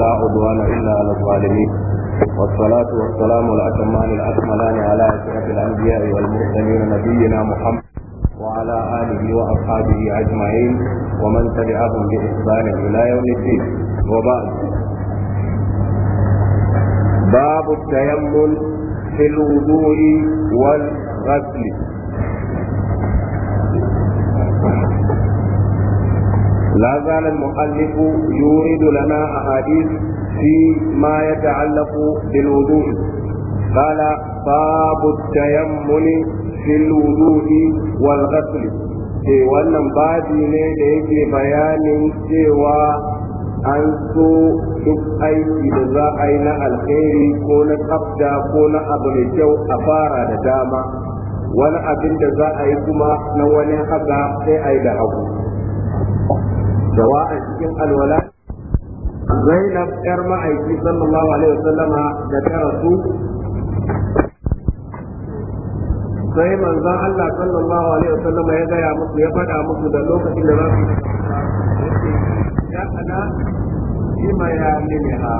ولا عدوان إلا على الظالمين والصلاة والسلام الأتمان الأكملان على أشرف الأنبياء والمرسلين نبينا محمد وعلى آله وأصحابه أجمعين ومن تبعهم بإحسان إلى يوم الدين وبعد باب التيمم في الوضوء والغسل لا زال المؤلف يورد لنا أحاديث في ما يتعلق بالوضوء قال باب التيمم في الوضوء والغسل ce wannan babi ne da yake bayanin cewa an so duk aiki da za a yi na alheri ko na tsafta ko na abu kyau a fara da dama wani abin da za a yi kuma na wani haka sai a yi da hagu سواء cikin alwala Zainab ‘yar ma'aiki sallallahu Alaihi wasallama da ta rasu sai manzon Allah sallallahu Alaihi wasallama ya gaya musu ya faɗa musu da lokacin da za su ya ana ima ya miniha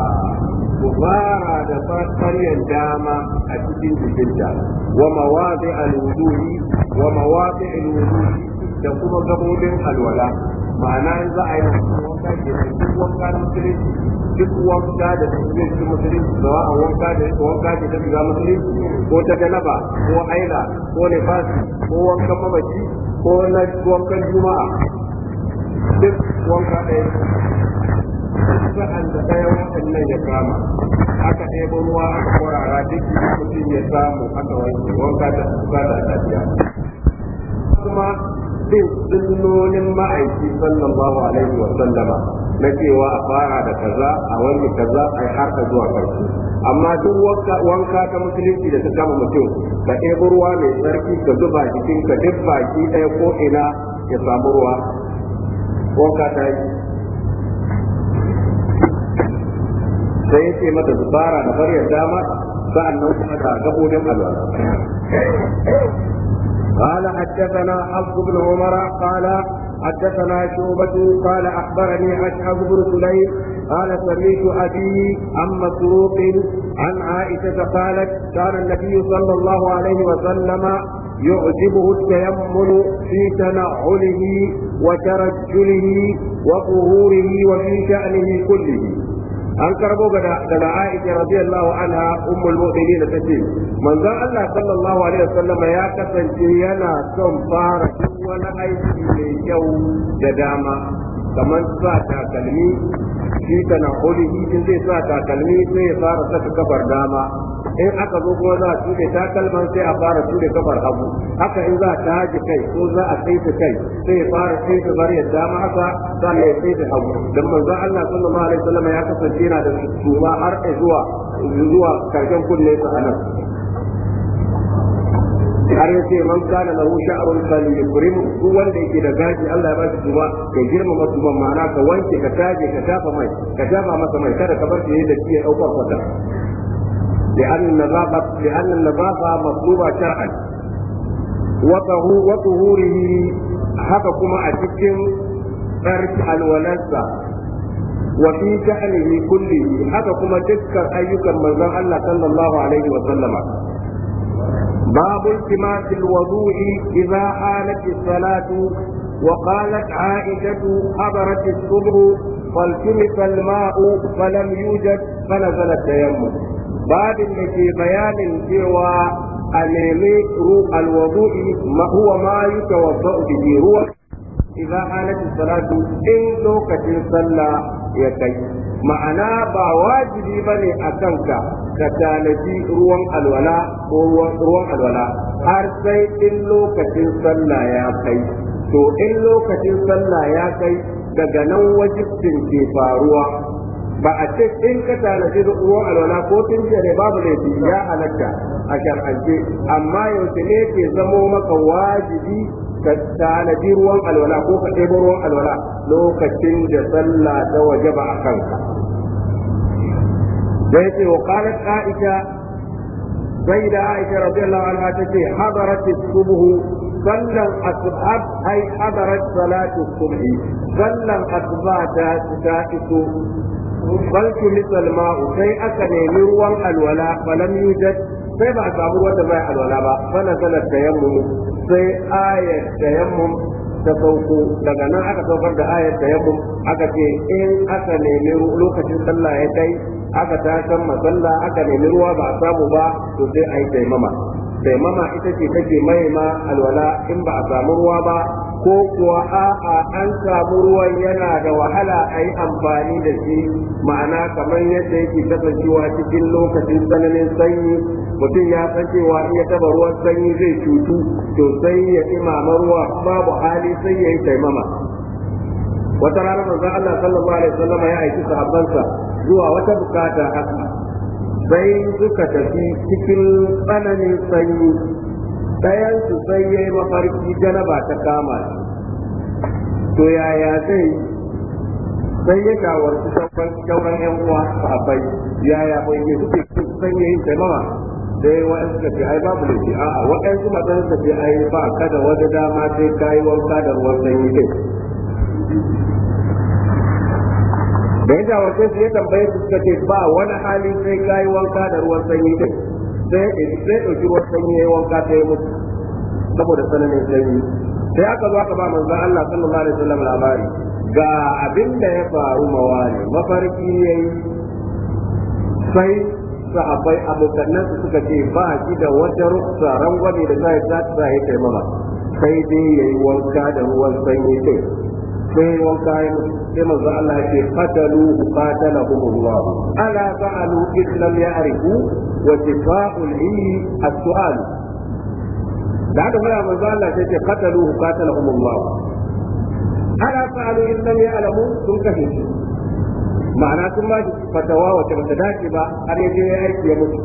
gubara da farfariyar dama a cikin jikinta wa mawaɗi al-wuduhi wa mawaɗi al-wuduhi da kuma gabobin alwala ma'ana in za a yi wanka ke nan duk wanka na musulunci duk wanka da zai ci musulunci ba a wanka da wanka ke ta shiga musulunci ko ta galaba ko haila ko nifasi ko wankan mamaci ko na wankan juma'a duk wanka ɗaya sa'an da ɗaya waɗannan ya kama aka ɗebo ruwa aka kwarara duk mutum ya samu aka wanke wanka da suka da tafiya kuma bin sunnonin ma'aiki sallallahu alaihi wa sallama na cewa a fara da kaza a wani kaza a har ka zuwa karshe amma duk wanka ta musulunci da ta kama mutum ka ɗebo ruwa mai tsarki ka zuba ka duk baki ɗaya ko ina ya samu ruwa wanka ta yi sai ya ce mata zubara da baryar dama sa'annan kuma da gabodin alwala قال حدثنا حفظ بن عمر قال حدثنا شعبة قال أخبرني أشعب بن سليم قال سمعت أبي عن مسروق عن عائشة قالت كان النبي صلى الله عليه وسلم يعجبه التيمم في تنعله وترجله وظهوره وفي شأنه كله an karbo daga Aisha radiyallahu anha ummul mu'minin tace manzon Allah sallallahu alaihi wasallam ya kasance yana son fara duk wani aiki mai kyau da dama kamar sa takalmi na tanahulihi in zai sa takalmi sai ya fara saka kafar dama in aka zo kuma za a tuɗe takalman sai a fara tuɗe kafar hagu haka in za a taji kai ko za a saita kai sai ya fara saita bariyar dama haka za ya saita hagu dan manzo Allah sallallahu alaihi wasallam ya kasance yana da tuma har zuwa zuwa karshen kunne sa anan har yace man kana lahu sha'run falyukrim Ku wanda yake da gashi Allah ya ba shi tuba girmama tuban ma'ana ka wanke ka taje ka tafa mai ka masa mai kada ka bar shi da shi ya dauka kwata لأن النظافة لأن النظافة مطلوبة شرعا وطهوره haka kuma a cikin tsarki alwalarsa wa fi sha'anihi kulli haka kuma dukkan ayyukan manzon Allah sallallahu alaihi باب التماس الوضوء إذا حالت الصلاة وقالت عائشة حضرت الصبح فالتمس الماء فلم يوجد فنزل التيمم باب في بيان سوى أنيمي الوضوء ما هو ما يتوضأ به هو إذا حالت الصلاة إن لوكة صلى يكي معناه با بني اتنكا ka tanaji ruwan alwala ko ruwan alwala har sai in lokacin sallah ya kai to in lokacin sallah ya kai daga nan wajibcin ke faruwa ba a ce in ka tanaji ruwan alwala ko tun ne babu laifi ya halatta a shar'ance amma yaushe ne ke zamo maka wajibi ka tanaji ruwan alwala ko ka ɗebo ruwan alwala lokacin da sallah ta wajaba a kanka da yake wa qalat aisha sai da aisha radiyallahu anha tace hadarat subhu sallan asbah ai hadarat salatu subhi sallan asbah ta ta iso balki misal ma sai aka nemi ruwan alwala falam yujad sai ba a samu ruwan da bai alwala ba fana sanar tayammum sai ayat tayammum ta sauko daga nan aka saukar da ayat tayammum aka ce in aka nemi lokacin sallah ya kai aka ta san masalla aka nemi ruwa ba a samu ba to sai a yi taimama taimama ita ce take ma alwala in ba a samu ruwa ba ko kuwa a'a an samu ruwan yana da wahala a yi amfani da shi ma'ana kamar yadda yake kasancewa cikin lokacin tsananin sanyi mutum ya san cewa in ya taba ruwan sanyi zai cutu to sai ya imama ruwa babu hali sai ya yi taimama wata rana manzon Allah sallallahu alaihi wasallam ya aiki sahabbansa zuwa wata bukata haka sai suka tafi cikin tsananin sanyi ɗayan su sai ya yi mafarki janaba ta kama to yaya zai sai ya shawarci sauran yan uwa a bai yaya bai ne suke sun yin taimama sai wa'ansu ka ce ai babu da shi? a'a waɗansu matan ka ce ai ba ka da wata dama sai kayi yi wanka da ruwan sanyi ne da yadda jawarce su ya tambaye su suka ce ba wani hali sai kayi wanka da ruwan sanyi ne sai sai ɗauki ruwan sanyi ya yi wanka ta yi mutu saboda sananin sanyi sai aka zo aka ba manzan Allah sallallahu alaihi wasallam labari ga abin da ya faru mawari mafarki ya yi sai sahabbai abokanan su suka ce ba shi da wata rukusa rangwame da zai ta ta yi taimama sai dai ya yi wanka da ruwan sanyi din sai wanka kayan sai manzo Allah ya ce qatalu qatalahum Allah ala fa'alu islam ya ya'rifu wa tifa'ul ilmi as-su'al da haka fara manzo Allah ya ce qatalu qatalahum Allah ala fa'alu islam ya alamu sun kashe shi ma'ana sun ma fatawa wace ba ta dace ba har ya je ya aiki ya mutu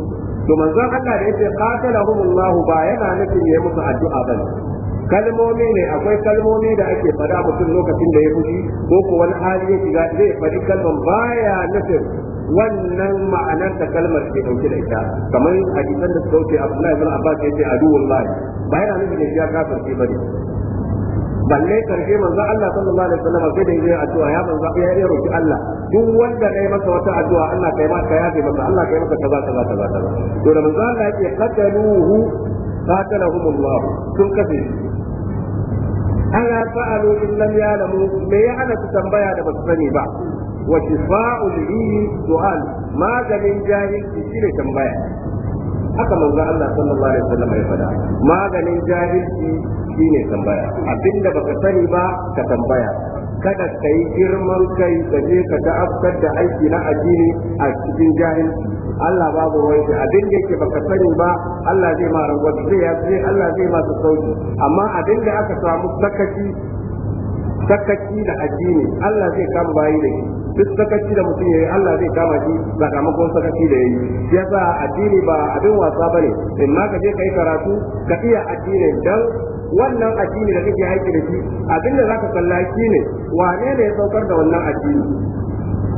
to manzon Allah da yace qatalahum Allah ba yana nufin ya musu addu'a ba kalmomi ne akwai kalmomi da ake fada mutum lokacin da ya fushi ko ko wani hali ya shiga zai faɗi kalman baya nufin wannan ma'anar da kalmar ke dauke da ita kamar hadisan da suka wuce Abdullahi bin Abbas yace aduwullahi ba baya nufin da ya kafirce bane balle karshe manzo Allah sallallahu alaihi wasallam sai da yake addu'a ya manzo ya yi roki Allah duk wanda kai masa wata addu'a Allah kai ma ka yafe masa Allah kai masa kaza kaza kaza kaza to da manzo Allah yake qataluhu qatalahum Allah sun kafe ala fa'alu in lam ya'lamu me ya ana su tambaya da basu sani ba wa shifa'ul ilmi su'al maganin jahilci shine tambaya haka manzo Allah sallallahu alaihi wasallam ya faɗa maganin jahilci shine tambaya abinda baka sani ba ka tambaya kada ka yi girman kai ka je ka ta'abbata da aiki na addini a cikin jahilci Allah babu ruwan shi abin da yake baka sani ba Allah zai ma rangwata zai ya zai Allah zai ma sauki amma abin da aka samu sakaci sakaci da addini Allah zai kama bayi da shi duk sakaci da mutum yayi Allah zai kama shi sakamakon sakaci da yayi shi yasa addini ba abin wasa bane in ma ka je kai karatu ka iya addini dan wannan addini da kake aiki da shi abinda zaka kalla ne wane ne ya saukar da wannan addini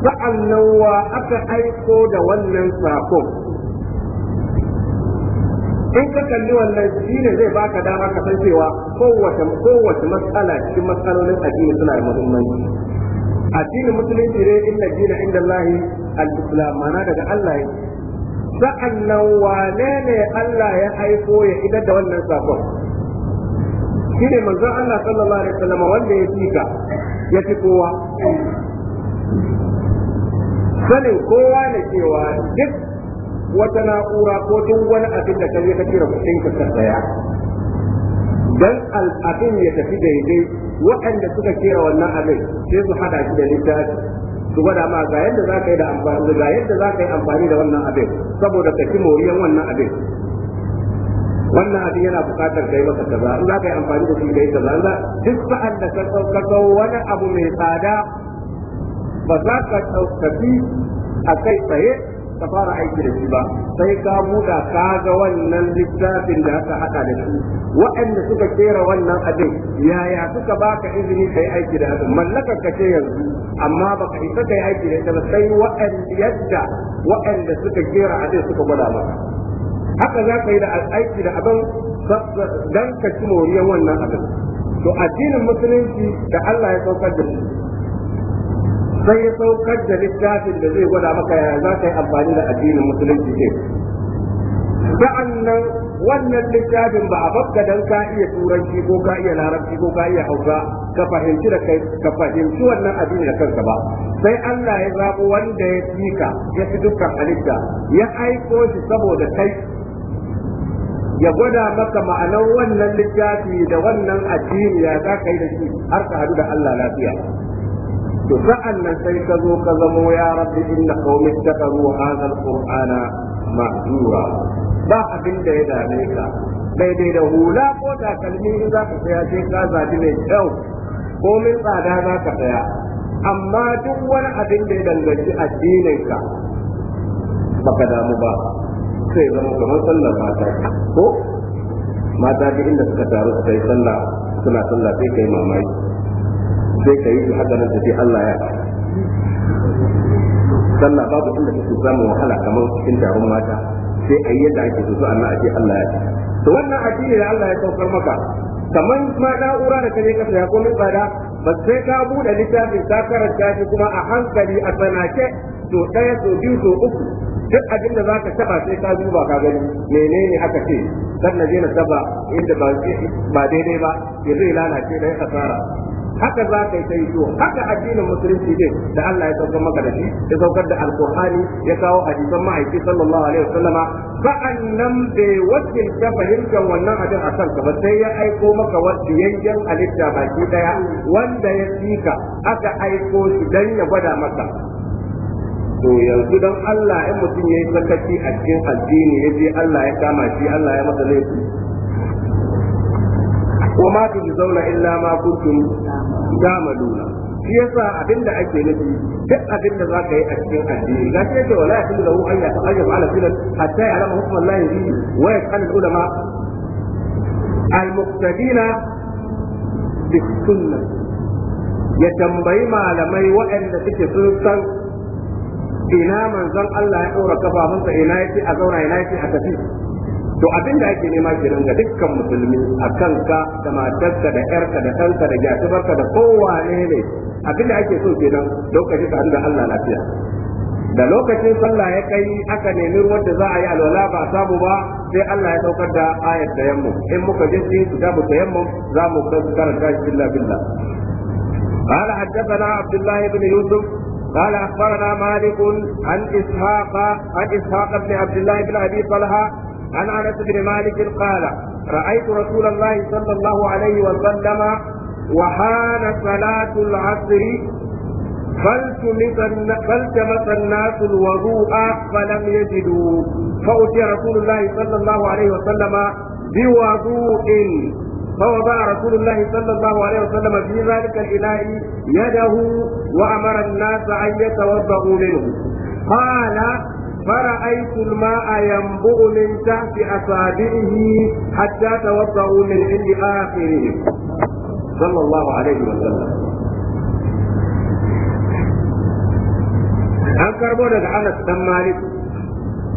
sa'annan wa aka aiko da wannan sakon in ka kalli wannan shi ne zai baka dama ka san cewa kowace kowace matsala cikin matsalolin addini suna da muhimmanci addinin musulunci ne na jina inda Allah al-islam mana daga Allah ya sa'annan wa ne Allah ya aiko ya idar da wannan sakon shi ne manzon Allah sallallahu alaihi wasallam wanda ya fika ya fi kowa sanin kowa ne cewa duk wata na'ura ko duk wani abin da kai ka kira kuɗin ka saya dan al'abin ya tafi daidai waɗanda suka kera wannan abin sai su hada shi da littafi su gwada ma ga yadda za ka yi da amfani ga yadda za ka yi amfani da wannan abin saboda ka ci moriyan wannan abin wannan abin yana bukatar kai masa kaza in za ka yi amfani da shi kai kaza duk sa'an da ka kawo wani abu mai tsada ba za ka tafi a kai tsaye ka fara aiki da shi ba sai ka buɗa ka ga wannan littafin da aka haɗa da shi waɗanda suka kera wannan abin yaya suka baka izini ka yi aiki da abin mallakar ka ce yanzu amma ba ka isa ka yi aiki da ita ba sai waɗanda yadda waɗanda suka kera abin suka gwada ba haka za ka yi da aiki da abin dan ka ci moriyar wannan abin to addinin musulunci da Allah ya saukar da shi sai ya saukar da littafin da zai gwada maka yaya za ka yi amfani da addinin musulunci ce nan wannan littafin ba a babka dan ka iya turanci ko ka iya larabci ko ka iya hausa ka fahimci da kai ka fahimci wannan addini da kanka ba sai Allah ya zabo wanda ya fika ya fi dukkan halitta ya aiko shi saboda kai ya gwada maka ma'anar wannan littafi da wannan addini ya za ka yi da shi har ka hadu da Allah lafiya to sa'an nan sai ka zo ka zamo ya rabbi inna qaumi takaru hadha alqur'ana mahjura ba abin da ya dame ka daidai da hula ko takalmi in za ka saya sai ka zabi mai kyau ko mai tsada za ka saya amma duk wani abin da ya danganci addinin ka baka damu ba sai zama kamar sallar mata ko mata duk inda suka taru suka yi sallah suna sallah sai kai mamaki sai ka yi haka nan tafi Allah ya Sannan babu inda kake samu wahala kamar cikin taron mata sai a yi yadda ake so annan ake Allah ya to wannan addini da Allah ya saukar maka kamar ma na'ura da kaje ka ya ko mai tsada ba sai ka buɗe littafin ka karanta shi kuma a hankali a sanace to ɗaya to biyu to uku duk abin da zaka taba sai ka duba ka gani menene aka ce kan na je na taba inda ba ba daidai ba ya zai lalace da ya kasara haka za ka yi ta haka addinin musulunci ne da Allah ya saukar maka da shi ya saukar da alkur'ani ya kawo hadisan mahaifi sallallahu alaihi wasallama nan bai wakilta fahimtar wannan abin a kanka ba sai ya aiko maka wasu wasiyayyen halitta baki daya wanda ya ka aka aiko shi dan ya gwada maka to yanzu dan Allah in mutum ya yi sakaci a cikin addini ya je Allah ya kama shi Allah ya masa laifi wa ma zauna illa ma kuntum ta'maluna shi yasa abinda da ake nufi duk abinda za ka yi a cikin addini ga shi yake wala yahilu lahu an yata'ayyaba ala filan hatta ya'lama hukm Allah bihi wa yas'al ulama al-muqtadina bi sunnah ya tambayi malamai waɗanda suke sun san ina manzon Allah ya ɗora kafafunsa ina yake a zauna ina yake a tafi to abin da ake nema kenan ga dukkan musulmi a kanka da matarka da yarka da ɗanka da jatubarka da kowane ne abin da ake so kenan lokaci ka da Allah lafiya da lokacin sallah ya kai aka nemi ruwan da za a yi alwala ba samu ba sai Allah ya saukar da ayat da yammu in muka je shi su da yammu za mu karanta shi billah billah قال حدثنا عبد الله بن يوسف قال اخبرنا مالك عن اسحاق عن اسحاق بن عبد الله بن ابي طلحه عن انس بن مالك قال رايت رسول الله صلى الله عليه وسلم وحان صلاه العصر فالتمس الناس الوضوء فلم يجدوا فأتي رسول الله صلى الله عليه وسلم بوضوء فوضع رسول الله صلى الله عليه وسلم في ذلك الإناء يده وأمر الناس أن يتوضأوا منه قال فرأيت الماء ينبوء من تحت أصابعه حتى توضأوا من عند آخرهم صلى الله عليه وسلم an karbo daga Anas dan Malik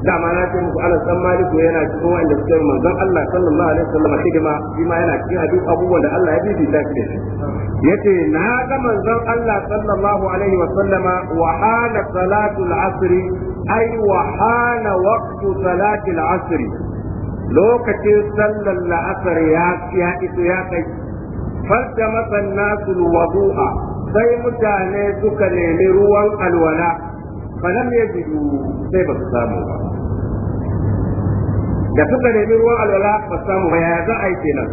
da ma na ce muku Anas dan Malik yana cikin wanda suke manzon Allah sallallahu alaihi wasallam hidima shi ma yana cikin hadisi abubuwan da Allah ya bibi da shi yace na ga manzon Allah sallallahu alaihi wasallama wa hala salatul asr ai wa hana waqtu salati al-asr lokacin sallar la'asar ya ya iso ya kai fadda masan nasu wudu'a sai mutane suka nemi ruwan alwala falam yajidu sai ba su samu ba da suka nemi ruwan alwala ba su samu ba ya za a yi kenan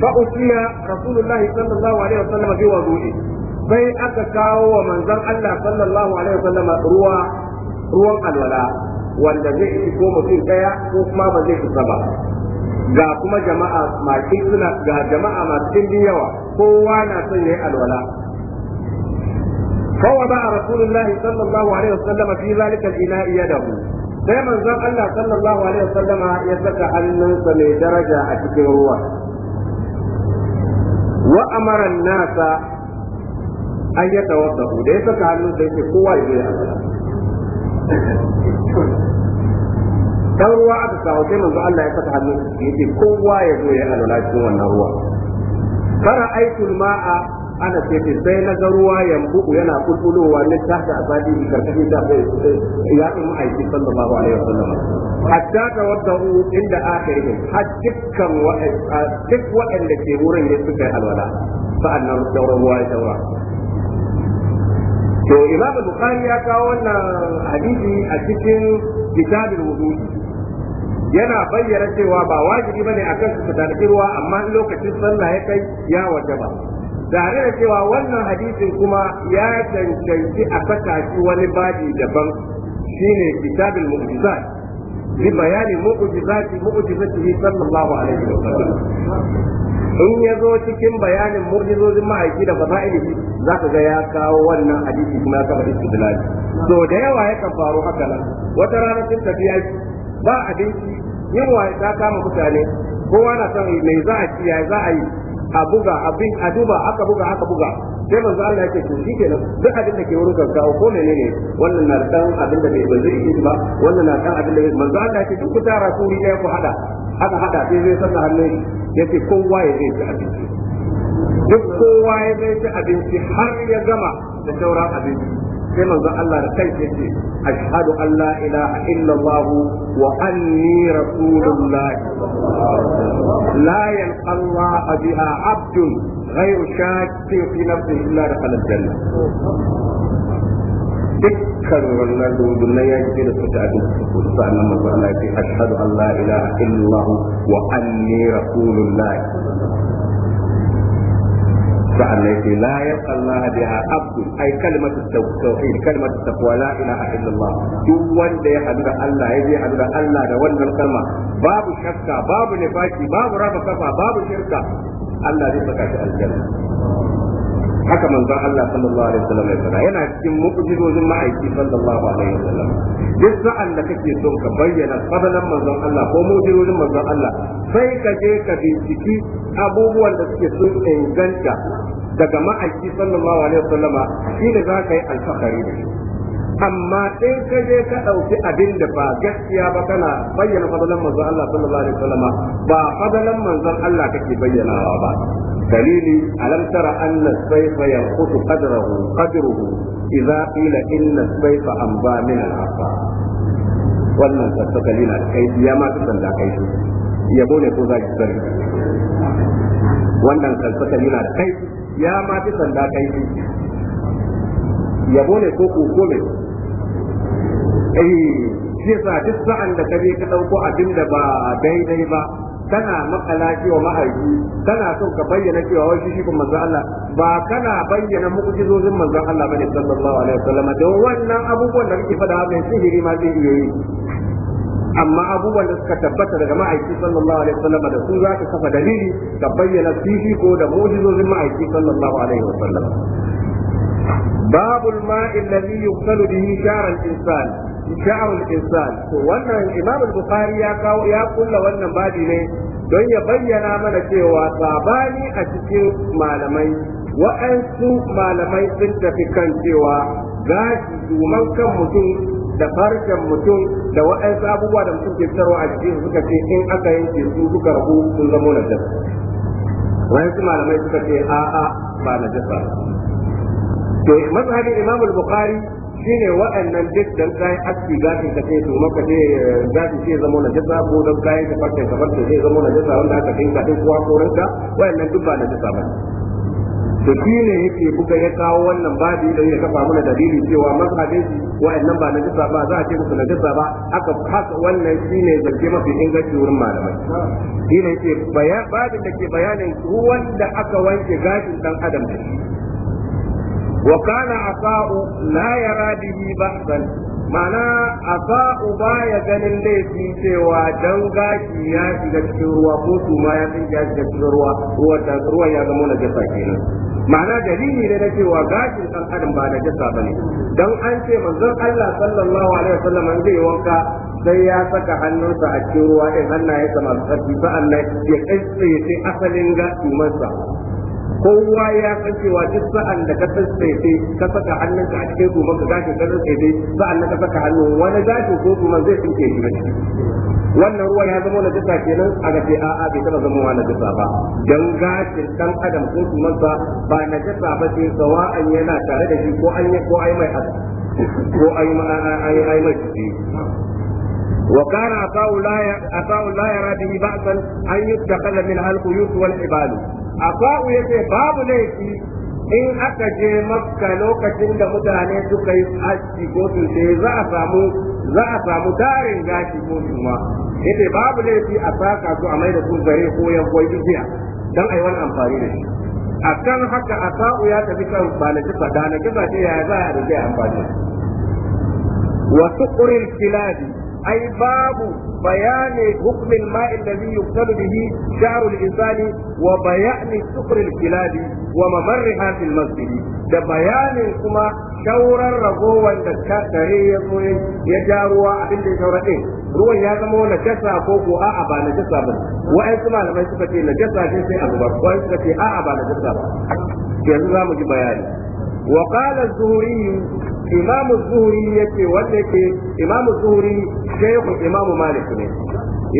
fa usiya rasulullahi sallallahu alaihi wasallam bi wudu'i sai aka kawo wa manzon Allah sallallahu alaihi wasallam ruwa ruwan alwala wanda zai isi ko mutum daya ko kuma ba zai isa ba ga kuma jama'a masu suna ga jama'a masu yawa kowa na son yayi alwala wa ba الله صلى الله عليه وسلم في ذلك الإناء يده sai manzon Allah sallallahu alaihi wasallam ya saka hannunsa mai daraja a cikin ruwa wa amara nasa an wa tawaddahu da ya saka hannunsa yake kowa ya yi dan ruwa aka kawo sai manzo Allah ya saka hannu yace kowa ya zo ya alwala cikin wannan ruwa fara aitul ma'a ana ce sai na ga ruwa yambu yana kutulowa ne ta da abadi karkashin da bai ya yi aiki sallallahu alaihi wasallam hatta ta wadda inda yi har dukkan duk waɗanda ke wurin ne suka yi alwala sa'annan sauran ruwa ya saura to imam bukhari ya kawo wannan hadisi a cikin kitabul wudu yana bayyana cewa ba wajibi bane akan su tarbi ruwa amma lokacin sallah ya kai ya wajaba tare da cewa wannan hadisin kuma ya cancanci a fata shi wani baji daban shine kitabul mu'jizat ببيان معجزات معجزته صلى الله عليه وسلم in ya zo cikin bayanin murjizozin ma'aiki da fasa'ilihi za ka ga ya kawo wannan hadisi kuma ya kama istidlali so da yawa ya kan faru haka nan wata rana sun tafi yaki ba abinci yunwa ta kama mutane kowa na son mai za a ci ya za a yi a buga abin a duba aka buga aka buga sai manzo Allah yake to shi kenan duk abin da ke wurin gaggawa ko menene wannan na dan abin da bai banzu yi ba wannan na dan abin da bai manzo Allah yake duk da tara ku riya ku hada aka hada sai zai sanna hannun yake kowa ya zai ci abinci duk kowa ya zai ci abinci har ya gama da sauran abinci sai manzon Allah da kai yake ashhadu an la ilaha illallah wa anni rasulullah la yalqa biha abdun غير شاك في نفسه الا دخل الجنه dukkan wannan rundunan ya ce da suka abin da suka kudu sa'an nan mazu Allah ya ce ashhadu an la ilaha illallah wa anni rasulullah sa'an nan sai la yaqul Allah biha wanda ya ya je hadu da wannan kalma babu shakka babu kafa babu shirka cikin mu'jizozin ma'aiki sallallahu kake son ka bayyana fadalan manzon Allah ko mu'jizozin sai ka je ka binciki abubuwan da sun inganta daga ma'aiki sallallahu alaihi wasallama shi ne za ka yi alfahari da shi amma in ka je ka ɗauki abin da ba gaskiya ba kana bayyana fadalan manzon Allah sallallahu alaihi wasallam ba fadalan manzon Allah kake bayyanawa ba dalili alam tara anna sayfa yanqutu qadrahu qadruhu idza qila inna sayfa amba min al-afa wannan tattakali na kai ya ma tukan da kai yabo ne ko zaki sarki wannan tattakali na da kai ya ma fi sanda kai yabo ne ko koko ne eh shi yasa duk sa'an da kaje ka dauko abin da ba daidai ba kana makala cewa mahaji kana son ka bayyana cewa wai shi kuma manzo Allah ba kana bayyana mu'jizozin manzo Allah bane sallallahu alaihi wasallam da wannan abubuwan da kake faɗa mai sihiri ma zai iya yi amma abubuwan da suka tabbata daga ma'aiki sallallahu alaihi wasallam da su za ka kafa dalili ka bayyana fifi ko da mu'jizozin ma'aiki sallallahu alaihi wasallam babul ma'il ladhi yuqtalu bihi shara insan sha'ar insan to wannan imam al-bukhari ya kawo ya kulla wannan babi ne don ya bayyana mana cewa sabani a cikin malamai wa'ansu malamai sun tafi kan cewa gashi duman kan mutum da farcen mutum da waɗansu abubuwa da mutum ke fitarwa a jikin suka ce in aka yanke su suka rabu sun zamo Wani waɗansu malamai suka ce a'a ba na jasa. to mazhabin imam al-bukhari shine waɗannan duk dan kayan aski gashin ka sai to maka ce eh, su ce zama na jasa ko dan kayan ka farce ka farce zai zama na jasa wanda aka dinka din kuwa ko ranka waɗannan duk ba na jasa ba to shi ne yake buga ya kawo wannan babi da ya kafa mana dalili cewa mazhabin wa'annan ba najasa ba za a ce musu najasa ba haka haka wannan shi ne zance mafi inganci wurin malamai shi ne yake babin da ke bayanin ruwan da aka wanke gashin dan adam da shi wa kana asa'u la yara bihi ba'dan mana asa'u baya ganin laifi cewa dan gashi ya shiga cikin ruwa ko tuma ya ya shiga cikin ruwa ruwan ya zama na najasa kenan ma'ana dalili ne na cewa gashin dan adam ba na jasa bane dan an ce manzon Allah sallallahu alaihi wasallam an zai wanka sai ya saka hannunsa a cikin ruwa din eh, hannayensa masu tsarki sa'an nan ya kai asalin ga imansa kowa ya san cewa duk sa'an da ka tsaitsaye ka saka hannunka a cikin goma ka gashi ka tsaitsaye sa'an da ka saka hannu wani gashi ko kuma zai tsinke shi ne wannan ruwa ya zama najisa kenan a gace a a bai taba zama najisa ba dan gashin dan adam ko kuma ba ba najisa ba sai sawa'an yana tare da shi ko an yi ko ai mai ko ai mai وكان عطاء لا عطاء لا يرى به بأسا أن يتخذ منها القيوس والحبال عطاء يتي باب ليكي in aka je maka lokacin da mutane suka yi aski ko sai za a samu a samu tarin gashi ko suma yace babu laifi a saka su a mai da zare ko yankon jiya dan ai wani amfani da shi akan haka asa'u ya tafi kan balaki fada na kiba za a rage amfani wa suqril kilabi أي باب بيان حكم الماء الذي يقتل به شعر الإنسان وبيان سكر الكلاب وممرها في المسجد da bayanin kuma shauran ragowar da kare ya zo ya ja ruwa abin da ya shaura ruwan ya zama wani jasa ko ko a'a ba na jasa ba wa'ai da malamai suka ce na jasa ce sai a zubar wa'ai suka ce a'a ba na jasa ba yanzu za mu ji bayani az-zuhri imamu zuhuri ce wanda yake imamu zuhuri shehu imamu malik ne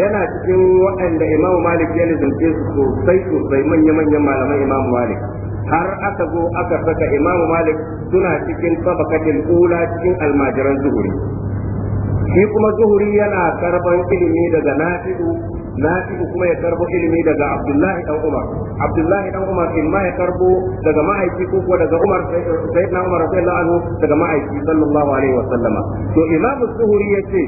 yana cikin waɗanda imamu malik ya lizance su sosai sosai manya-manyan malaman imamu malik har aka zo aka saka imamu malik suna cikin tabakatin ula cikin almajiran zuhuri shi kuma zuhuri yana karban ilimi daga nafi'u nafi'u kuma ya karbo ilimi daga abdullahi dan umar abdullahi dan umar in ya karbo daga ma'aiki ko kuwa daga umar sayyidina umar radiyallahu anhu alaihi wa sallama to imam az-zuhri yace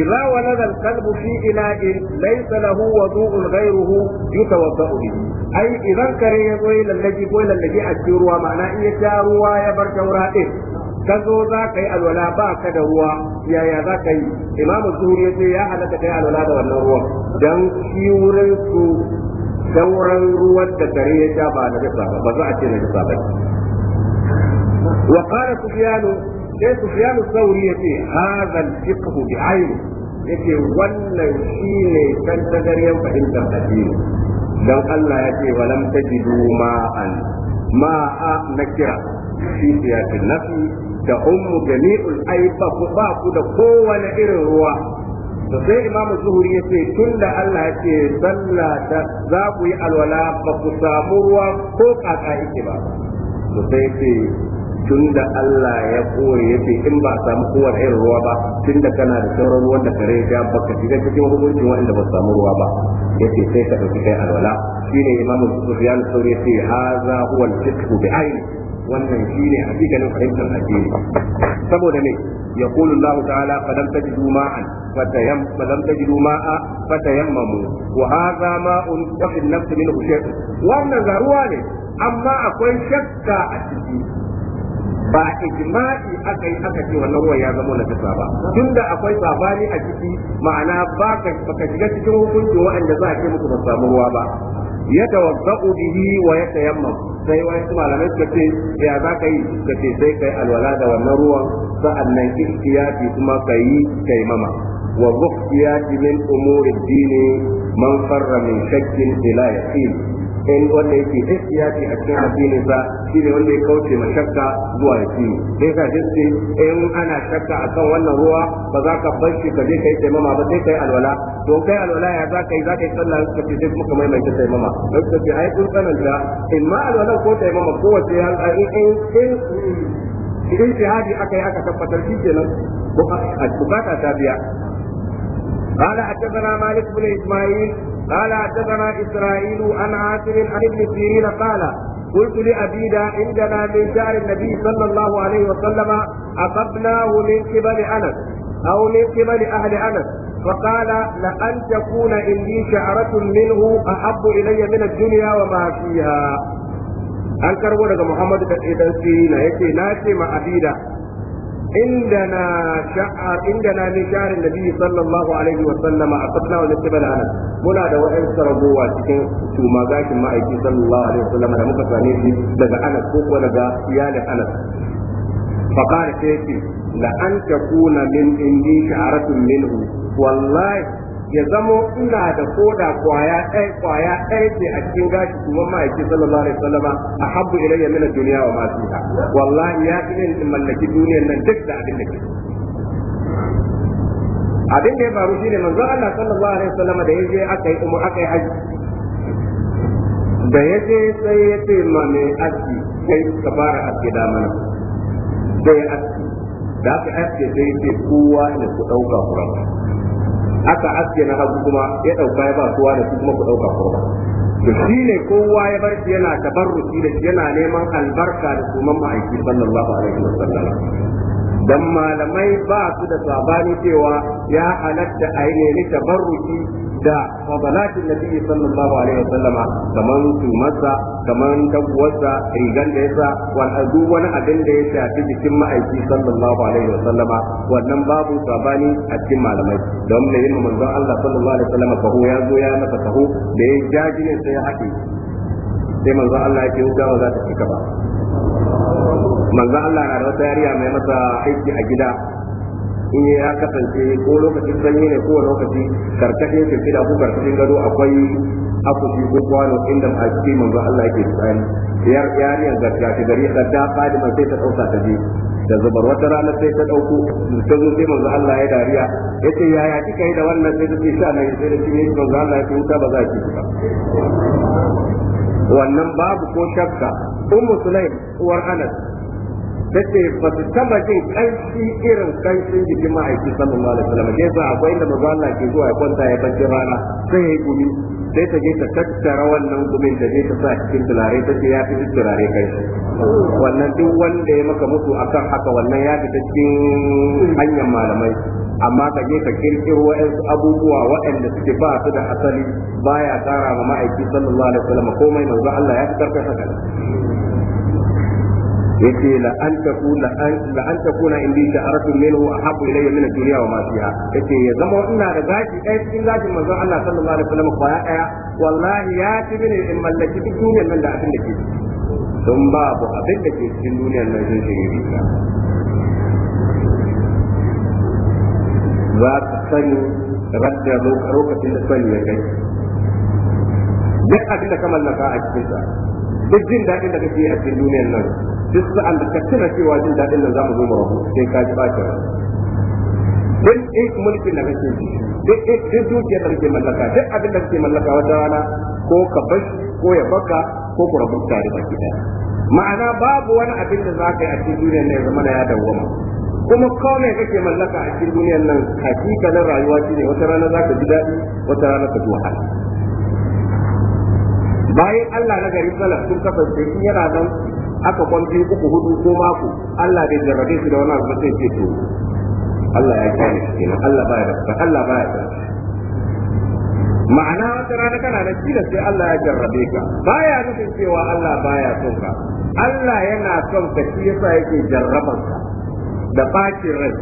idza walada al-qalb fi ina'in laysa lahu wudu'un ghayruhu yutawadda'u bihi ai idan kare ya zo lallaji ko lallaji a cikin ruwa ma'ana iya ya ruwa ya bar taura ka zo za ka yi alwala ba ka da ruwa yaya za ka yi imam zuhuri ya ce ya halatta kai alwala da wannan ruwan dan shi wurin su sauran ruwan da kare ya sha ba na rufa ba za a ce na rufa ba wa qala sufyanu sai sufyanu sauri ya ce hadha al-fiqh bi yace wannan shine kan tagaryen fahimtar addini dan Allah ya ce lam tajidu ma'an ma'a nakira fi siyasin nafi da ummu jami'ul aiba ku ba ku da kowane irin ruwa to sai imamu zuhuri ya ce tun da Allah ya ce sallah da za ku yi alwala ba ku samu ruwa ko kaka yake ba to sai ce tun da Allah ya kore ya ce in ba samu kowane irin ruwa ba tun da kana da sauran ruwan da kare ya ba ka shiga cikin hukuncin wanda ba samu ruwa ba ya ce sai ka ɗauki kai alwala shine imamu zuhuri ya ce haza huwa al-fiqh bi aini wannan shi ne shine hakikanin fahimtar addini saboda ne yaqulu Allah ta'ala falam tajidu ma'an fatayam falam tajidu ma'a fatayammamu wa hadha ma'un yaqin nafsi minhu shay'un wannan garuwa ne amma akwai shakka a ciki ba ijma'i aka yi aka ce wannan ruwan ya zama najasa ba tunda akwai sabani a ciki ma'ana baka baka shiga cikin hukunci wa'anda za a ce muku ba samu ruwa ba yatawazza'u bihi wa ya yatayammam sai wai su malamai suka ce ya za ka yi suka ce sai kai alwala da wannan ruwan sa'annan ihtiyati kuma kai kai mama wa buhtiyati min umuri dini man farra min shakkin ila yaqin in wanda yake gaskiya ce a cikin addinin sa shine wanda ya kauce ma shakka zuwa yaki sai ka dace in ana shakka akan wannan ruwa ba za ka bar shi ka je kai taimama ba sai kai alwala to kai alwala ya za ka yi za ka yi sallah ka fi sai kuma mai ta taimama don ka ce ai kun tsananta in ma alwala ko taimama kowace ya in in idan jihadi aka yi aka tabbatar shi kenan bukata ta biya قال حدثنا مالك بن اسماعيل قال حدثنا إسرائيل عن عاصم عن ابن سيرين قال قلت لأبي عندنا من شعر النبي صلى الله عليه وسلم أقبناه من قبل أنس أو من قبل أهل أنس فقال لأن تكون عندي شعرة منه أحب إلي من الدنيا وما فيها انكر ولد محمد بن سيرين Idan Sirina yace Inda na min shari'a da biyu sallallahu alaihi wa sallama a fasina wani littattafai da anas, muna da waɗansar ruwa cikin suma gashin ma'aikinsa sallallahu alaihi wa da muka da su a nufi daga anas ko kuma daga yalin anas. Fakar ke shi, la'anta ko na min indi shahararrun minhu, wallahi. ya zamo ina da koda kwaya ɗaya kwaya ɗaya ce a cikin gashi kuma ma yake sallallahu alaihi wasallam a habbu ilayya min ad-dunya wa ma fiha wallahi ya fi in mallaki duniyar nan duk da abin da ke abin da ya faru shine manzo Allah sallallahu alaihi wasallam da yaje akai umu akai haji da yaje sai ya ce ma aski kai ka fara aski da mana sai aski da aka aske sai ya ce kowa ne ku dauka kuran aka aske na hagu kuma ya dauka ya ba kowa da su kuma ku dauka kurba to ne kowa ya bar shi yana tabarruki da shi yana neman albarka da kuma ma'aiki sallallahu alaihi sallam dan malamai ba su da sabani cewa ya halatta a yi ne tabarruki da fadalatin nabi sallallahu alaihi wasallam kaman tumarsa kaman tabbuwarsa rigan da yasa wal azu wani abin da ya shafi jikin ma'aiki sallallahu alaihi wasallama wannan babu sabani a cikin malamai don ne yin manzo Allah sallallahu alaihi wasallama kaho ya zo ya masa kaho da ya jaji ne sai ya haɗe sai manzo Allah ya ce ba za ta cika ba manzo Allah na da wata yariya mai masa aiki a gida in ya kasance ko lokacin sanyi ne ko lokaci karkashin shimfiɗa ko karkashin gado akwai akwai ko kwano inda a cikin manzo Allah yake tsani yar yariyar garga ta gari da da fadima sai ta dauka ta je da zubar wata rana sai ta dauko ta zo sai manzo Allah ya dariya yace yaya kika yi da wannan sai ta ce sha nan sai da shi eh, manzo Allah ya ce wuta ba za ki ba wannan babu ko shakka ummu sulaim uwar anas tace ba su taba jin kanshi irin kanshin jikin ma'aiki sallallahu alaihi wasallam ke ba akwai inda manzo Allah ke zuwa ya kwanta ya bacci rana sai ya yi gumi sai ta je ta tattara wannan gumin da je ta sa cikin turare ta ce ya fi turare kanshi wannan duk wanda ya maka mutu akan haka wannan ya fita cikin hanyar malamai amma ka je ka kirkiro wa'ansu abubuwa wa'anda suke ba su da asali baya tsara ma ma'aiki sallallahu alaihi wasallam komai manzo Allah ya fi karfe haka yace la an takuna la an takuna indi sha'aratun minhu ahabbu ilayya min ad-dunya wa ma fiha yace ya zama ina da gashi ɗaya cikin gashin manzon Allah sallallahu alaihi wasallam ko ya ɗaya wallahi ya ci mini in mallaki duk duniyar nan da abin da ke don babu abin da ke cikin duniyar nan zai shirye za ka sani radda lokacin da sani ya kai duk abin da ka mallaka a sa duk jin daɗin da kake a cikin duniyar nan duk sa'an da ka tuna cewa jin daɗin nan mu zo mu rabu sai ka ji bacin duk duk mulkin da kake ji duk duk dukiyar da kake mallaka duk abin da kake mallaka wata rana ko ka bar ko ya baka ko ku rabu tare baki daya ma'ana babu wani abin da zaka yi a cikin duniyar nan ya zama ya dawwama kuma kome kake mallaka a cikin duniyar nan hakikalin rayuwa shine wata rana za ka ji daɗi wata rana ka ji wahala bayan Allah na gari salaf sun kasance in yana nan aka kwan biyu uku hudu ko mako Allah bai jarrabe su da wani abu sai ce to Allah ya kiyaye shi kenan Allah baya da Allah baya da ma'ana wata rana kana da shi da sai Allah ya jarrabe ka baya nufin cewa Allah baya son ka Allah yana son ka shi yasa yake jarraban ka da bacin rai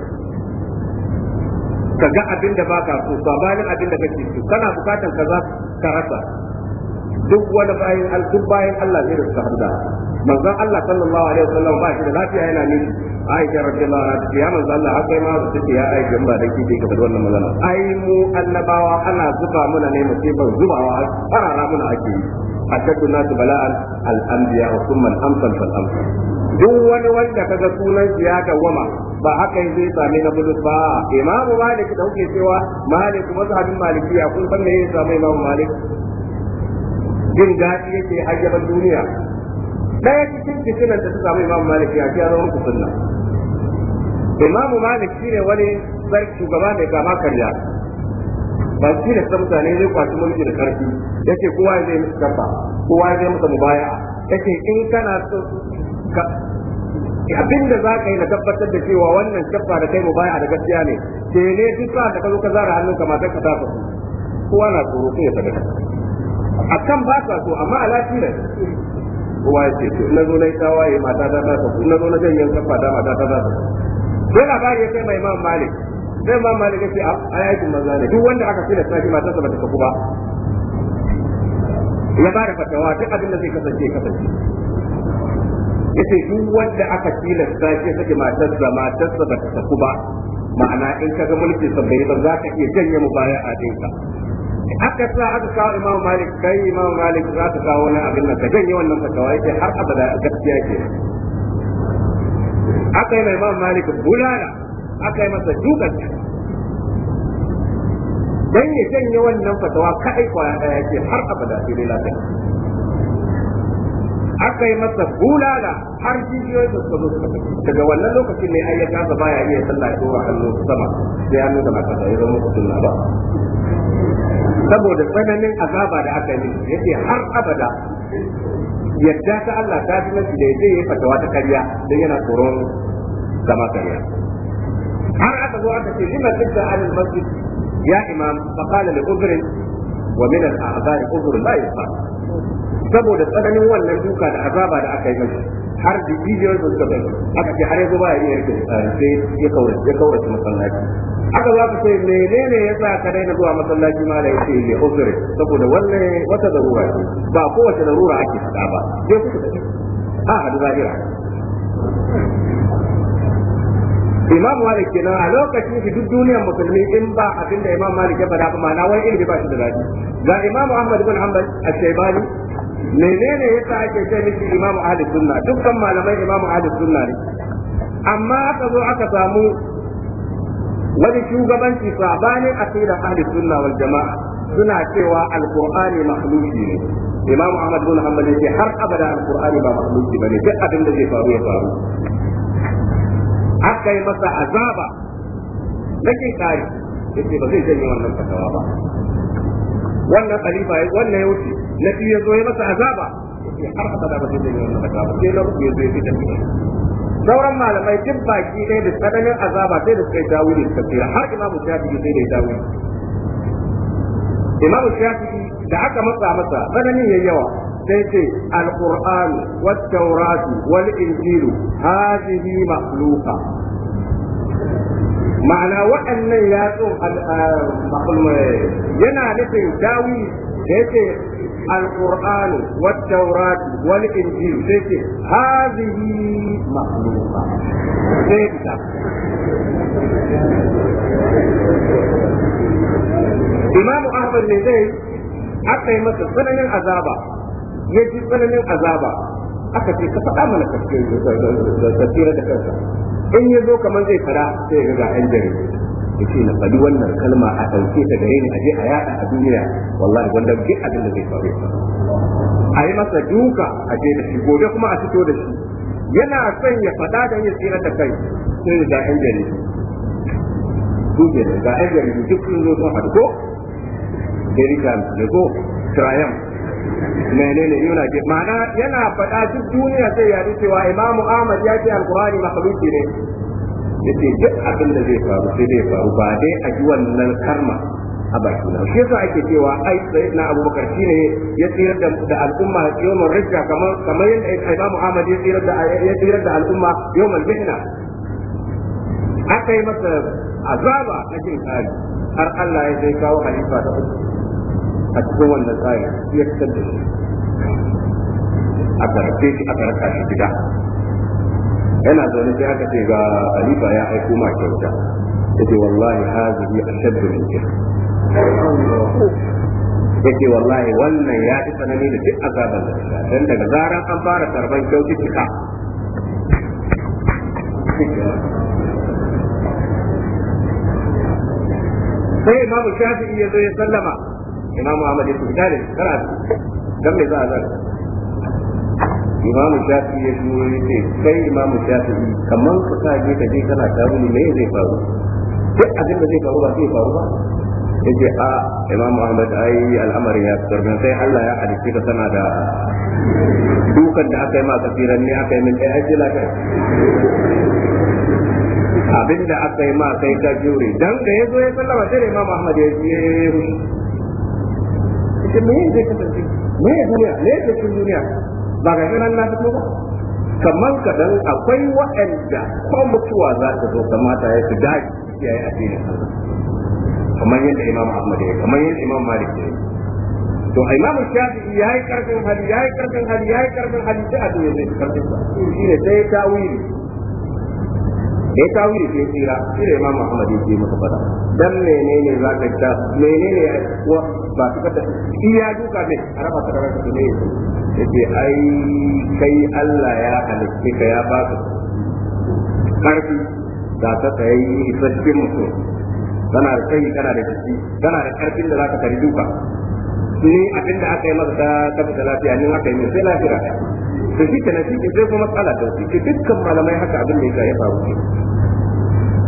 ka ga abin da baka so sabanin abin da kake so kana bukatan kaza ka rasa duk wani bayan duk bayan Allah ne da suka hada manzon Allah sallallahu alaihi wasallam ba shi da lafiya yana miki Aisha radiyallahu anha ta ya manzon Allah akai ma su ce ya Aisha ba da kike ka wannan magana ai mu annabawa ana zuba muna ne musibar zubawa farara muna ake yi ashaddu nasu bala'an al-anbiya wa thumma al-amsal fal amsal duk wani wanda kaga sunan shi ya dawama ba haka yanzu ya sami na bulus ba imamu malik da kuke cewa malik mazhabin malikiya kun san me ya same imamu malik jin daɗi yake hajjaban duniya daya cikin fitinan da su samu imam malik ya ci ya zama muku sunna imam malik shine wani sarki shugaba mai gama karya ba shi ne sa mutane zai kwaci mulki da karfi yake kowa zai musu kafa kowa zai musu mubaya'a yake in kana so abin da za ka yi na tabbatar da cewa wannan shabba da kai mubaya da gaskiya ne ke ne duk sa da ka zo ka zara hannunka matar ka tafi kowa na tsoro sai ya sadaka akan ba ka so amma a lafiyar kowa ya ce na zo na yi tawaye mata ta ta ta na zo na janye kafa da mata ta ta ta sai bari ya kai mai imam malik sai imam malik ya ce a ah, yakin maza ne duk wanda aka tilasta shi matarsa ba ta kafu ba ya ba da fatawa duk abin da zai kasance kasance yace duk wanda aka tilasta shi sake matarsa matarsa ba ta saku ba ma'ana in ka ga mulki bai ba za ka iya janye mu baya a dinka aka sa aka kawo imamu malik kai imamu malik za ka kawo wani abin nan ka janye wannan fatawa yace har abada gaskiya ke aka yi mai imamu malik bulala aka yi masa dukan dan ya janye wannan fatawa kai kwaya daya yace har abada sai dai lafiya aka yi masa bulala har jijiyoyin da suka zo suka daga wannan lokacin ne ai ya kasa baya iya sallah ya dora hannu sama sai hannu da mata ya zama mutum na ba saboda tsananin azaba da aka yi yace har abada yadda ta Allah ta fi mafi da yace ya fatawa ta karya don yana tsoron zama karya har aka zo aka ce lima tibda alal masjid ya imam fa qala li wa min al a'zar uzrun la yusa saboda tsananin wannan duka da azaba da aka yi mashi har da jijiyoyin su suka aka ce har yanzu ba ya iya rike tsari sai ya kaurace masallaci aka za ku sai menene ya sa ka daina zuwa masallaci ma da yake ya usure saboda wannan wata darura ce ba kowace darura ake fita ba je ku ha ha hadu zahira Imam Malik kenan a lokacin shi duk duniyar musulmi in ba abin da Imam Malik ya faɗa ba ma'ana wai ilimi ba shi da zaki ga Imam Ahmad bin Hanbal al-Shaybani menene yasa ake ce miki Imam ahli Sunna dukkan malamai Imam ahli Sunna ne amma aka zo aka samu wani shugabanci sabanin aqidan ahli sunna wal jama'a suna cewa alqur'ani makhluqi ne imam ahmad bin hanbal yake har abada alqur'ani ba makhluqi bane duk abin da zai faru ya faru aka yi masa azaba na nake kai yace ba zai janye wannan fatawa ba wannan khalifa wannan ya wuce na biyu ya zo ya masa azaba yace har abada ba zai janye wannan fatawa ba sai na uku ya zo ya fita sauran malamai duk baki ɗaya da tsananin azaba sai da suka yi tawili da tsira har imamu shafi'i sai da ya tawili imamu shafi'i da aka matsa masa tsananin ya yawa sai ce alquran wat tawrat wal injilu hadhihi makhluqa ma'ana waɗannan yatsun yana nufin dawi da yake القرآن والتوراة والإنجيل سيكي هذه مخلوقة سيكي إمام أحمد لزي aka yi masa tsananin azaba ya ji tsananin azaba aka ce ka faɗa mana tafsirar da kansa in ya zo kamar zai fara sai ga ga yan yace na faɗi wannan kalma a ɗauke ta gare ni a je a yaɗa a duniya wallahi wanda ke abin da zai faru a yi masa duka a je da shi gobe kuma a fito da shi yana son ya faɗa da ya tsira da kai sai ga yan jaridu duke da ga yan jaridu duk sun zo sun haɗu ko Derikan da ko Triumph menene yana ce ma'ana yana faɗa duk duniya sai ya wa Imamu Ahmad ya ce Alƙur'ani makhluki ne yace duk abin da zai faru sai zai faru ba dai a ji wannan karma a baki na shi yasa ake cewa ai sai na Abu abubakar shine ya tsira da da al'umma yawmar rijja kamar kamar yadda Imam Muhammad ya tsira da ya tsira da al'umma yawmar bihna aka yi masa azaba na jin tsari har Allah ya sai kawo halifa da uku a cikin wannan tsari ya fitar shi a karfe shi a karkashin gida yana zaune sai aka ce ga Alifa ya aiko ma kyauta ce wallahi hazihi ashaddu min yake wallahi wannan ya fi tsanani da duk azaban da don daga zaran an fara karban kyaututtuka sai imamu shafi'i ya zo ya sallama imamu ahmad ya fita da karatu don me za a zaka imam shafi ya shigo ya ce kai imam shafi kaman ka sa je ka je kana taru ne zai faru duk abin da zai faru ba zai faru ba yace a imam ahmad ai al'amari ya fitar min sai Allah ya halice ka sana da dukan da aka yi ma kafiran ne aka yi min ɗaya ajiye lafiya abin da aka yi ma kai ka jure dan da ya zo ya sallama sai da imam ahmad ya je ya me zai kasance me duniya me zai duniya ba ga shi na fito ba kamar kadan akwai waɗanda ko mutuwa za ta zo kamata ya fi daji ya yi addinin kamar yadda imam ahmad ya kamar yadda imam malik ya to imam shafi'i ya yi karfin hali ya yi karfin hali ya yi karfin hali sai a duniya zai karfin sa shi ne sai tawili da ya da ke tsira shi da imam Muhammad ce masa fada dan menene za ka ta menene wa ba su kada shi ya duka ne a raba ta raba ne ce ai kai Allah ya halicce ka ya ba su karfi da ta kai sabbin mutum kana da kai kana da jiki kana da karfin da za ka kari duka ni abin da aka yi masa ta tabbata lafiya ni aka yi min sai lafiya da shi kenan shi ke sai kuma matsala da wasu ke dukkan malamai haka abin da ya faru ke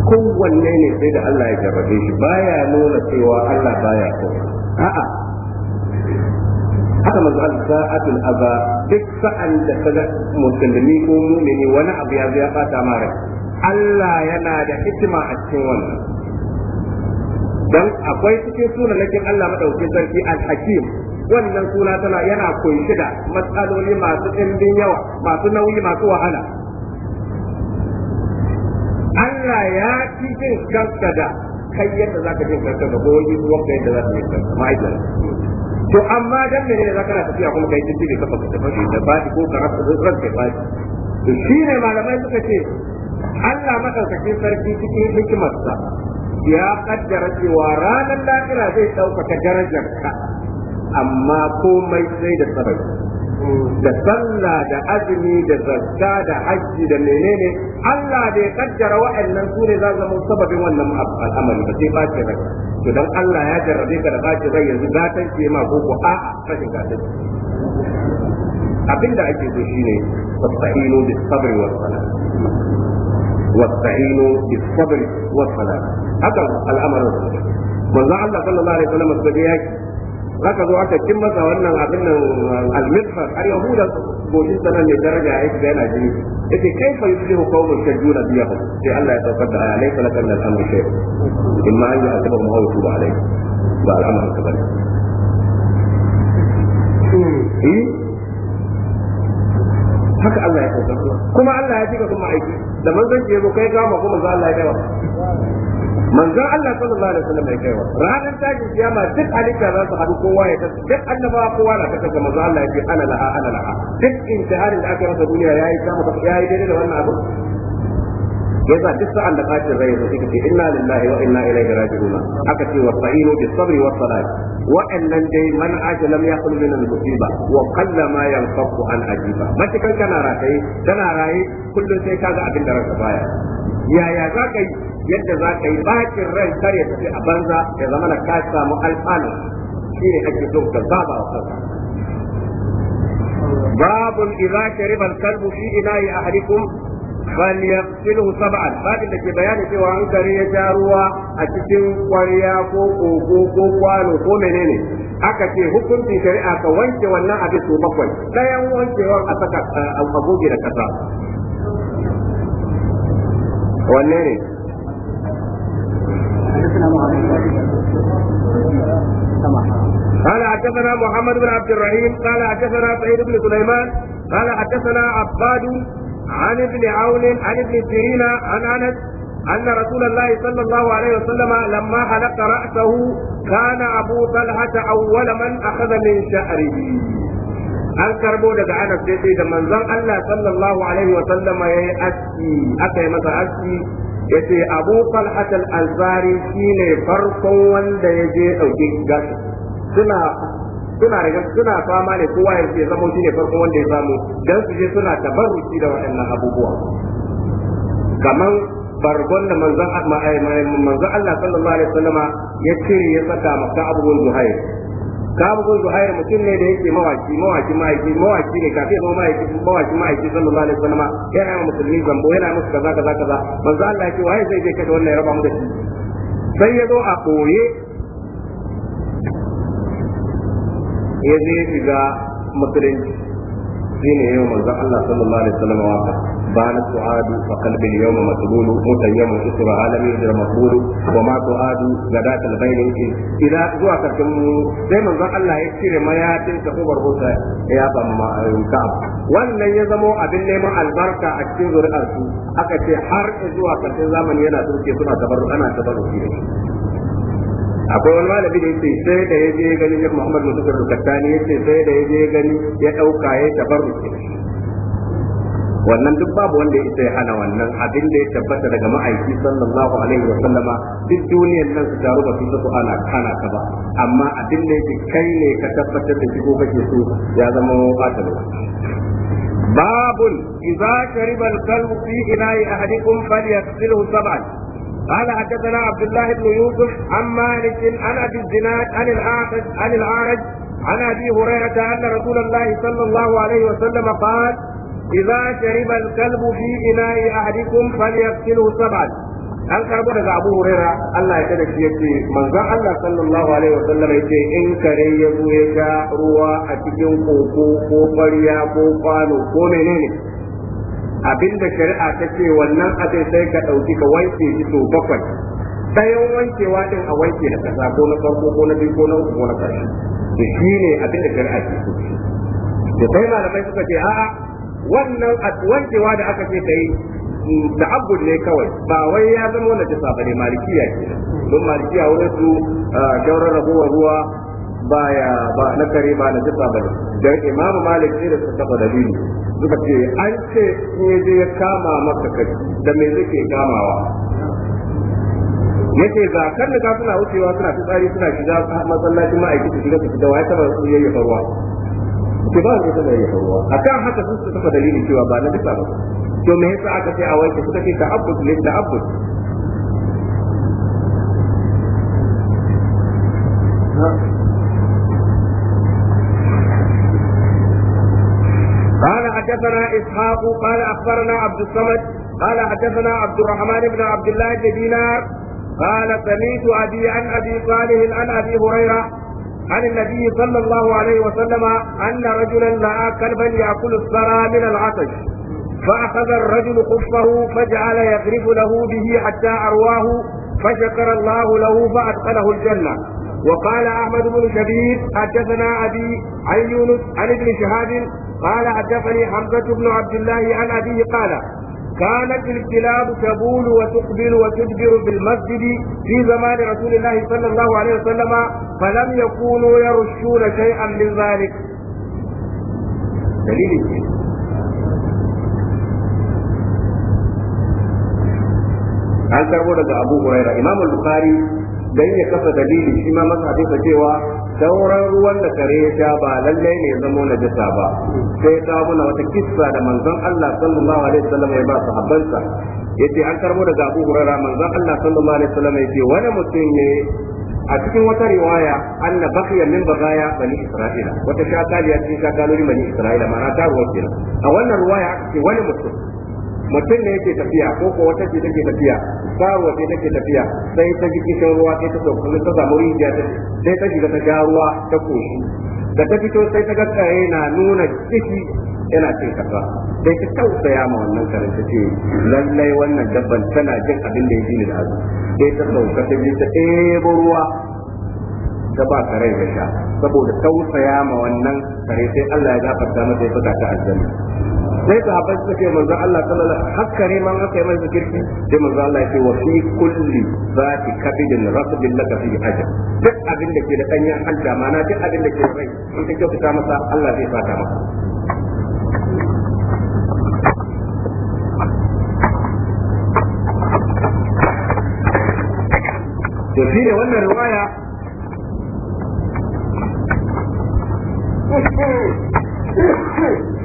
kowanne ne sai da Allah ya jarrabe shi baya nuna cewa Allah baya ko. a'a haka mazu Allah sa'atul aba duk sa'an da kaga musulmi ko mu'mini wani abu ya zai fata mara Allah yana da hikima a cikin wannan dan akwai cikin sunan Allah madauke sarki al-hakim wannan suna tana yana kunshi da matsaloli masu ɗimbin yawa masu nauyi masu wahala Allah ya ci jin kanka da kai yadda za ka jin kanka da ko wani ruwan kai da zaka jin kanka ma'aikata to amma dan mene ne ka na tafiya kuma kai tinti ne kafa ka tafi da baki ko ka rasa zuran kai baki to shine malamai suka ce Allah madaukakin sarki cikin hikimarsa ya kaddara cewa ranar lahira zai ɗaukaka darajar ka amma komai sai da sabai da sallah da azumi da zakka da hajji da menene Allah da ya kaddara wa'annan su ne za zama sababin wannan al'amari ba sai bace rai to dan Allah ya jarrabe ka da bace rai yanzu za ta ce ma ko ko a kashin gatan abinda ake so shine fasta'inu bis sabri wa salat wasta'inu bis sabri wa salat haka al'amarin manzo Allah sallallahu alaihi wasallam sai ya zaka zo aka cin masa wannan abin nan uh, almirfa har yahuda goji sanan ne daraja ya yi yana jini yace kai fa yusbihu qawmun tajuna biyahu sai Allah ya saukar da alai falaka min al-amri in ma an yu'azibu ma huwa tuba alai ba hmm. Hmm? haka Allah ya saukar kuma Allah manzon Allah sallallahu alaihi wasallam ya kaiwa ranar tashin kiyama duk halitta za su haɗu kowa ya kasa duk annabawa kowa na kasa ga manzon Allah yake ana laha ana laha duk intiharin da aka masa duniya yayi kama yayi daidai da wannan abu yasa duk sa'an da bacin rai da suka ce inna lillahi wa inna ilaihi raji'un aka ce wa sa'inu bis sabri was salat wa'annan dai man aja lam yaqul min al musiba wa qalla ma yanfaqu an ajiba matakan kana rataye kana raye kullun sai kaga abin da ranka baya yaya za ka yi yadda za ka yi bakin ran kar ya tafi a banza ya zama na ka samu alfanu shi ne ake so ka zaba wa kanka babun idza shariba al-kalbu fi ina'i ahadikum فليغسله سبعا بعد da ke bayani cewa an kare ya ja ruwa a cikin kwarya ko kogo ko kwano ko menene aka ce hukunci shari'a ka wanke wannan abin su bakwai dayan wankewar a saka a da kasa wanne ne قال حدثنا محمد بن عبد الرحيم قال حدثنا سعيد بن سليمان قال حدثنا عباد عن ابن عون عن ابن سيرين عن انس ان رسول الله صلى الله عليه وسلم لما حلق راسه كان ابو طلحه اول من اخذ من شعره الكربون karbo daga سيدي sai da manzon صلى الله عليه وسلم sallama yayi مثلا aka yace abu talhat al azari shine farkon wanda ya je dauki gashi suna suna riga suna fama ne kowa ya ce zama shine farkon wanda ya samu dan su je suna tabarruki da waɗannan abubuwa kaman bargon da manzon Allah sallallahu alaihi wasallama ya cire ya saka maka abubuwan zuhair kabu bin zuhair mutum ne da yake mawaki mawaki mawaki mawaki ne kafin zama mawaki mawaki mawaki sallallahu alaihi wasallam yi wa musulmi zambo yana musu kaza kaza kaza manzo Allah ya ce waye zai je kada wannan ya raba mu da shi sai ya zo a koye ya zai shiga musulunci shine yau manzo Allah sallallahu alaihi wasallam waka بان سعاد وقلب اليوم مسلول متيم اسر عالمي غير مقبول وما سعاد غداة البين اذا زوا تركم دائما زان الله يكثر ما ياتي تقبر بوسا يا بما كعب wannan يزمو ابن abin neman اكثر الارض اكثر حر aka تركم زمن ينا تركي zamani yana انا suna tabarru ana tabarru akwai wani malami da yace sai da yaje gani Muhammad Musa Kattani yace sai da yaje gani ya dauka ya tabarruke wannan duk babu wanda ita ya hana wannan abin da ya tabbata daga ma'aiki sallallahu alaihi wa sallama duk duniyar nan su taru ba su su ana kana ka ba amma abin da yake kai ne ka tabbatar da shi ko kake so ya zama bata lokaci babun idza shariba al-qalbu fi ina'i ahadikum falyaghsilhu sab'an قال حدثنا عبد الله بن يوسف عن مالك عن ابي الزناد عن الاعرج عن الاعرج عن ابي هريره ان رسول الله صلى الله عليه وسلم قال إذا شرب الكلب في إناء ina'i ahadikum سبعا an karbo daga Abu Huraira Allah ya kada shi ce manzan Allah sallallahu alaihi wa sallam ce in kare ya zo ya ga ruwa a cikin koko ko ƙwarya ko kwano ko menene abinda shari'a ta ce wannan abin sai ka ɗauki ka wanke shi to bakwai ɗayan wankewa din a wanke na kasa ko na farko ko na biyu ko na uku ko na ƙarshe to shine abin da shari'a ke so da sai malamai suka ce a'a wannan wankewa da aka ce kai mm, ta'abbud ne kawai ba wai ya zama wanda ta saba ne malikiya ke don malikiya wani su gauran ragowar ruwa baya ba na kare ba na jisa ba dan imamu malik ne da suka kafa dalili suka ce an ce ne zai ya kama maka kai da me zai kamawa za ga kan da suna wucewa suna fitsari suna shiga masallacin ma'aikata shiga su da wai ta ba su yayyafa ruwa kibar da tana yin ruwa akan haka sun su kafa dalilin cewa ba na bisa ba to me yasa aka ce a wanke suka ce ta'abbud lil ta'abbud قال حدثنا اسحاق قال اخبرنا عبد الصمد قال حدثنا عبد الرحمن بن عبد الله بن دينار قال سمعت ابي عن ابي صالح عن ابي هريره عن النبي صلى الله عليه وسلم أن رجلا رأى كلبا يأكل الثرى من العطش فأخذ الرجل خفه فجعل يغرف له به حتى أرواه فشكر الله له فأدخله الجنة وقال أحمد بن شبيب حدثنا أبي عن يونس عن ابن شهاب قال حدثني حمزة بن عبد الله عن أبيه قال كانت الكلاب تبول وتقبل وتدبر بالمسجد في زمان رسول الله صلى الله عليه وسلم فلم يكونوا يرشون شيئا من ذلك دليل an karbo daga abu huraira imam al-bukhari dan ya kafa dalili shi ma masa sauran ruwan da kare ya sha ba lallai ne zamo na jisa ba sai ta muna wata kissa da manzon Allah sallallahu alaihi wasallam ya ba sahabbansa yace an karbo daga Abu Hurairah manzon Allah sallallahu alaihi wasallam yace wani mutum ne a cikin wata riwaya anna baqiya min bagaya bani isra'ila wata shakaliya ce shakalori bani isra'ila ma'ana ta ruwa kenan a wannan riwaya aka ce wani mutum mutum ne yake tafiya ko ko wata ce take tafiya sawa ce take tafiya sai ta ji kishin ruwa sai ta sauka ta samu rijiya sai ta shiga ta sha ruwa ta koshi da ta fito sai ta ga kare na nuna kishi yana cin kasa sai ta tausaya ma wannan karen ta ce lallai wannan dabban tana jin abin da ya ji ni da azu sai ta sauka ta ji ta ɗebo ruwa ta ba kare ya sha saboda tausaya ma wannan kare sai Allah ya gafarta mata ya saka ta aljanna sai sahabbai haɓar suke manzo Allah sallallahu alaihi wasallam hakka man aka yi mai kirki sai manzo Allah ya ce wa fi kulli za zati rasu bin laka fi ajr duk abin da ke da danyen hanta mana duk abin da ke da rai in ka kyautata masa Allah zai fata maka da shi ne wannan riwaya Thank you.